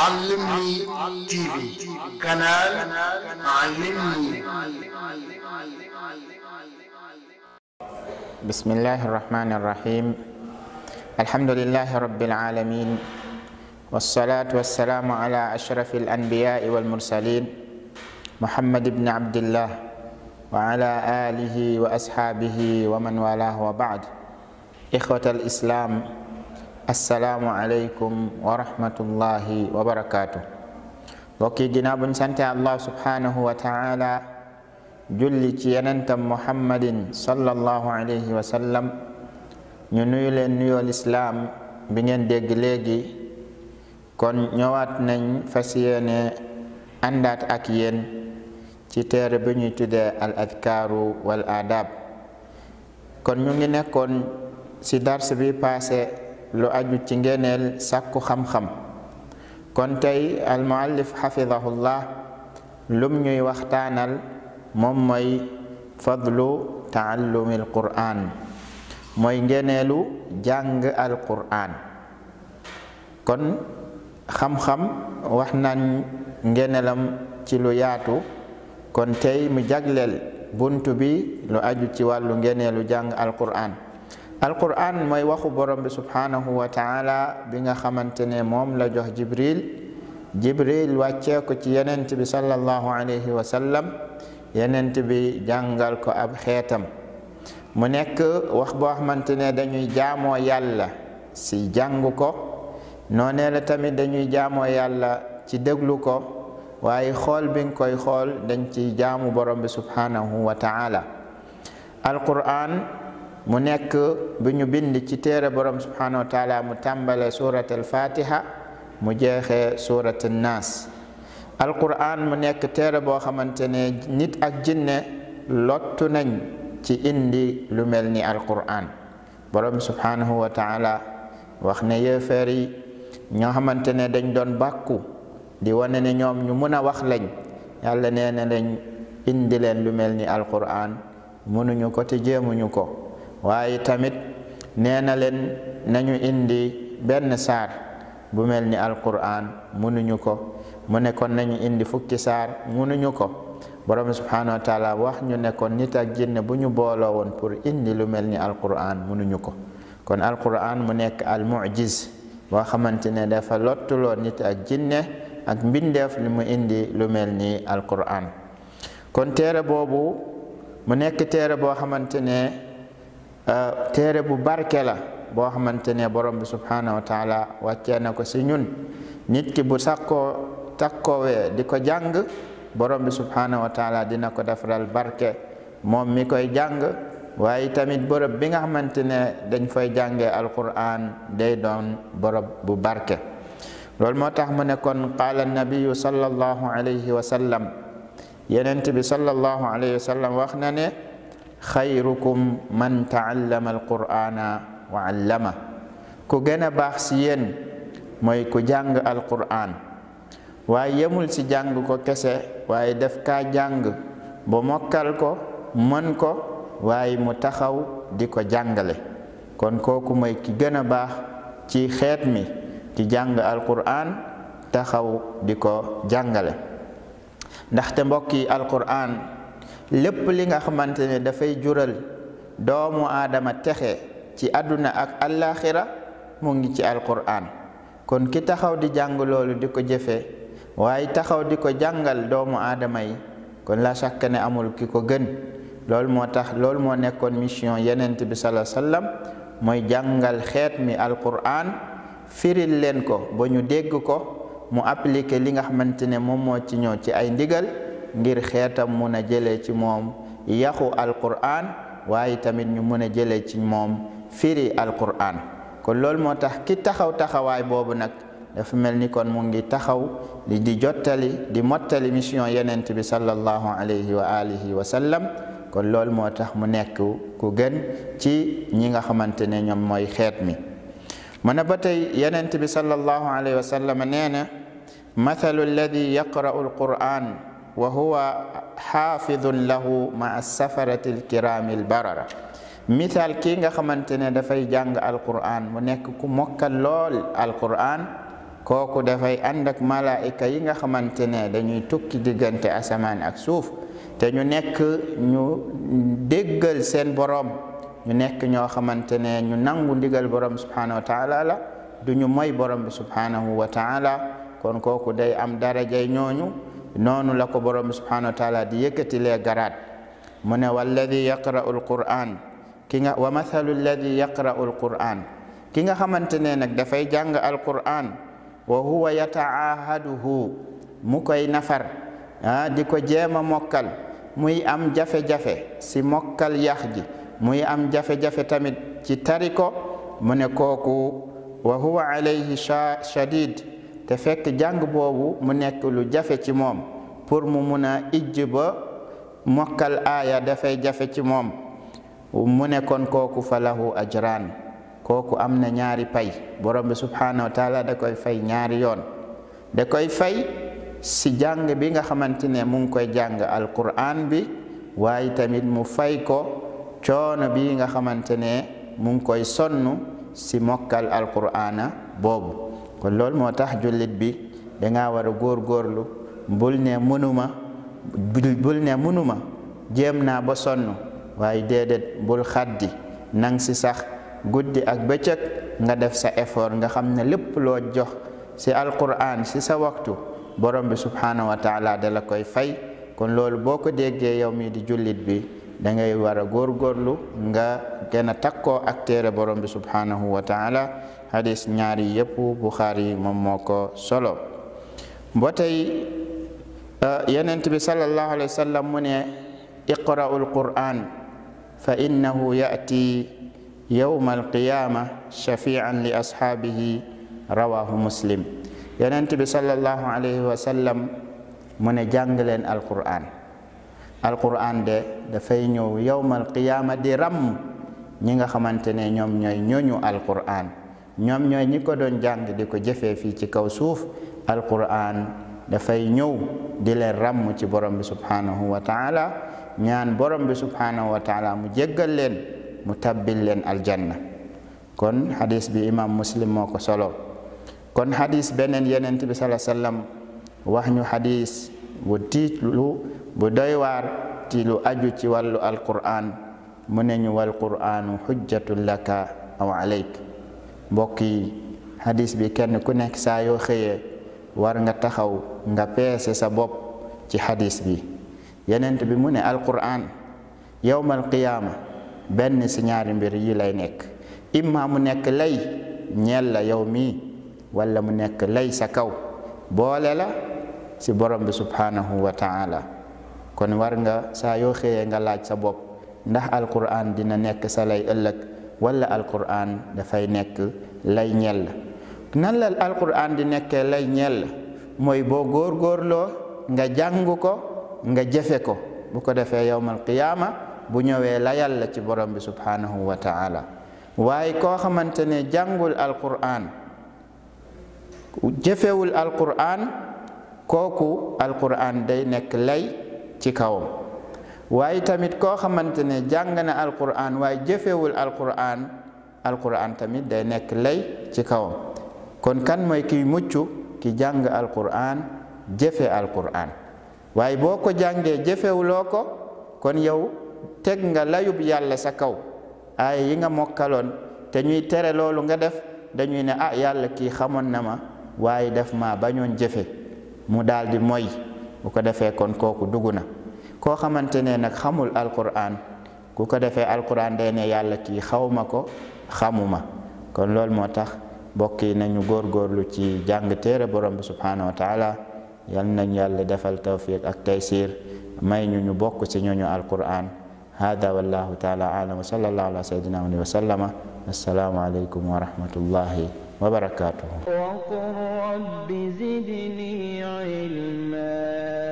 علمني تي في قناة علمني بسم الله الرحمن الرحيم الحمد لله رب العالمين والصلاة والسلام على أشرف الأنبياء والمرسلين محمد بن عبد الله وعلى آله وأصحابه ومن والاه وبعد إخوة الإسلام assalaamu aleykum wa rahmatullahi wa barakaatu mbokk yi ginnaaw buñ sante allah subhanahu wa taala julli ci yenentam muhammadin sallallahu alayhi wa sallam ñu nuyu leen nuyool bi ngeen dégg léegi kon ñëwaat nañ fas yeene àndaat ak yéen ci téere bi ñuy tuddee al adkaaru wal aadab kon ñu ngi nekkoon ci dars bi passé lu aju ci ngeneel sàkku xam-xam kon tey almuallif xafidahullah lum ñuy waxtaanal moom mooy fadlu taallumil quraan mooy ngeneelu jàng alquraan kon xam-xam wax nañ ngeneelam ci lu yaatu kon tey mu jagleel bunt bi lu aju ci wàllu ngeneelu jàng alquraan alquran mooy waxu borom bi subhaanahu wa taala bi nga xamante ne moom la jox jibril jibril wàccee ci yenent bi sallallahu alayhi wa sallam yenent bi jàngal ko ab xeetam mu nekk wax boo xamante ne dañuy jaamoo yàlla ci jàng ko noonee la tamit dañuy jaamoo yàlla ci déglu ko waaye xool bi nga koy xool dañ ci jaamu borom bi subhaanahu wa taala alquran mu nekk bi ñu bind ci téere borom subhanahu mu tàmbale surat al mu jeexee surat an naas mu nekk téere boo xamante ne nit ak jinne lottu nañ ci indi lu mel ni alquran borom subhanahu wa wax ne yéefeer yi ñoo xamante ne dañ doon bàkku di wane ne ñoom ñu mën a wax lañ yàlla nee na lañ indi leen lu mel ni alquran mënuñu ko te jéemuñu ko waaye tamit nee na leen nañu indi benn saar bu mel ni alquran mënuñu ko mu nekkoon nañu indi fukki saar mënuñu ko borom subhanahu wa wax ñu nekkoon nit ak jinne bu ñu booloo woon pour indi lu mel ni alquran mënuñu ko kon alquran mu nekk al mujiz boo xamante ne dafa lottuloo nit ak jinne ak mbindeef li mu indi lu mel ni alquran kon téere boobu mu nekk téere boo xamante téere bu barke la boo xamante ne borom bi subhanahu wa taala wàccee na ko si ñun nit ki bu sakkoo takkoowee di ko jàng borom bi subhanahu wa taala dina ko defral barke moom mi koy jàng waaye tamit bërëb bi nga xamante ne dañ fay jàngee alquran day doon bërëb bu barke loolu moo tax mu ne kon qaala nabiyu sallallahu alayhi wa sallam bi sallallahu alayhi wa sallam xayrukum man taallama alqur'ana wa allama ku gën baax si yéen mooy ku jàng alqur'an waaye yemul si jàng ko kese waaye def ka jàng bo mokkal ko mën ko waaye mu taxaw di ko jàngale kon koku mooy ki gën baax ci xeet mi ki jàng alqur'an taxaw di ko jàngale ndaxte mbokk yi alqur'an lépp li nga xamante ne dafay jural doomu aadama texe ci àdduna ak àllaaxira mu ngi ci alquran kon ki taxaw di jàng loolu di ko jëfe waaye taxaw di ko jàngal doomu aadama yi kon la chaque ne amul ki ko gën loolu moo tax loolu moo nekkoon mission yenent bi salaa sallam mooy jàngal xeet mi alquran firil leen ko ba ñu dégg ko mu appliqué li nga xamante ne moom moo ci ñëw ci ay ndigal ngir xeetam mun a jëlee ci moom yaxu alquran waaye tamit ñu mun a jëlee ci moom firi alquran kon lool moo tax ki taxaw taxawaay boobu nag dafa mel ni kon mu ngi taxaw di jottali di mottali mission yenent bi sallallahu alayhi wa alihi kon lool moo tax mu nekk ku gën ci ñi nga xamante ne ñoom mooy xeet mi mu ne ba tey yenent bi wa sallam nee na mathalu alladi yaqra'u wa huwa xaafidun lahu ma safarati alkiraami albarara misaal kii nga xamante ne dafay jàng alquran mu nekk ku mokkal lool alquran kooku dafay ànd ak malaayika yi nga xamante ne dañuy tukki diggante asamaan ak suuf te ñu nekk ñu déggal seen borom ñu nekk ñoo xamante ne ñu nangu ndigal borom subhanahu wa taala la du ñu moy borom bi subhanahu wa taala kon kooku day am darajay ñooñu noonu la ko borom bi subhanahu wa taala di yëkkatilee garaat mu ne walladi yaqra'u alquran ki nga wa mathalu alladi yaqra'u alquran ki nga xamante ne nag dafay jàng alquran wa huwa yata'ahaduhu mu koy nafar ah di ko jéem a mokkal muy am jafe-jafe si mokkal yax ji muy am jafe-jafe tamit ci tariko mu ne kooku wa huwa alayhi shadid te fekk jàng boobu mu nekk lu jafe ci moom pour mu mun a ijj ba mokkal aaya dafay jafe ci moom mu nekkoon kon kooku fa lahu ajraan kooku am na ñaari pay borom bi subhaanahu wa da koy fay ñaari yoon da koy fay si jàng bi nga xamante ne mu ngi koy jàng alquran bi waaye tamit mu fay ko coono bi nga xamante ne mu ngi koy sonn si mokkal alqur'ana boobu kon loolu moo tax jullit bi danga war a góorgóorlu bul ne mënuma bul ne mënuma jéem naa ba sonn waaye déedéet bul xaddi nang si sax guddi ak bëccëg nga def sa effort nga xam ne lépp loo jox si alquran si sa waxtu borom bi subhaanahu wa taala la koy fay kon loolu boo ko déggee yow mii di jullit bi dangay ngay war a góorgóorlu nga gën a takkoo ak téere borom bi subhanahu wa taala hadis ñaari yépp buxaari moom moo ko solo ba tey euh, yonent bi sallallahu alayhi wa sallam mu ne iqra'u alquran fa innahu ya'ti yawma alqiyama shafi'an li ashaabihi rawahu muslim yonent bi sallallahu alayhi wa sallam mu ne jàng leen alquran alquran de dafay ñëw yowmal qiyaama di ràmm ñi nga xamante ne ñoom ñooy ñooñu alquran ñoom ñooy ñi ko doon jàng di ko jëfee fii ci kaw suuf alquran dafay ñëw di leen rammu ci borom bi subhanahu wa taala ñaan borom bi subhanahu mu jéggal leen mu tabbil leen aljanna kon hadis bi imam muslim moo ko solo kon hadis beneen yenent bi salaa sallam hadis bu bu doy waar ci lu aju ci wàllu alquran mu ne ñu wal quraanu xujjatun laka aw alayk mbokk yi hadis bi kenn ku nekk saa yoo xëyee war nga taxaw nga peese sa bopp ci hadis bi yenent bi mu ne alquran yowmal qiyaama benn si ñaari mbir yi lay nekk imma mu nekk lay ñella la yow mii wala mu nekk lay sa kaw boole la si borom bi subhanahu wa ta'ala kon war nga saa yoo xëyee nga laaj sa bopp ndax alquran dina nekk sa lay ëllëg wala alquran dafay nekk lay ñell nan la alquran di nekkee lay ñell mooy boo góorgóorloo nga jàng ko nga jëfe ko bu ko defee yowmal qiyaama bu ñëwee layal la ci borom bi subhanahu wa taala waaye koo xamante ne jàngul alquran jëfewul alquran kooku alquran day nekk lay ci kawam waaye tamit koo xamante ne jàng na alquran waaye jëfewul alquran alquran tamit day nekk lay ci kawam kon kan mooy ki mucc ki jàng alquran jëfe alquran waaye boo ko jàngee jëfewuloo ko kon yow teg nga layub yàlla sa kaw ay yi nga mokkaloon te ñuy tere loolu nga def dañuy ne ah yàlla kii xamoon na ma waaye def ma bañoon jëfe mu daldi moy bu ko defee kon kooku dugg na koo xamante ne nag xamul alquran ku ko defee alquran day ne yàlla kii xawma ko xamuma kon loolu moo tax mbokk yi nañu góorgóorlu ci jàng téere borom bi subhanahu wa taala yal nañu yàlla defal tawfiq ak taysir may ñu ñu bokk ci ñooñu alquran hada wallahu taala alam wa sallallahu ala sayyidina wa sallama assalaamu aleykum وبركاته وقل رب زدني علما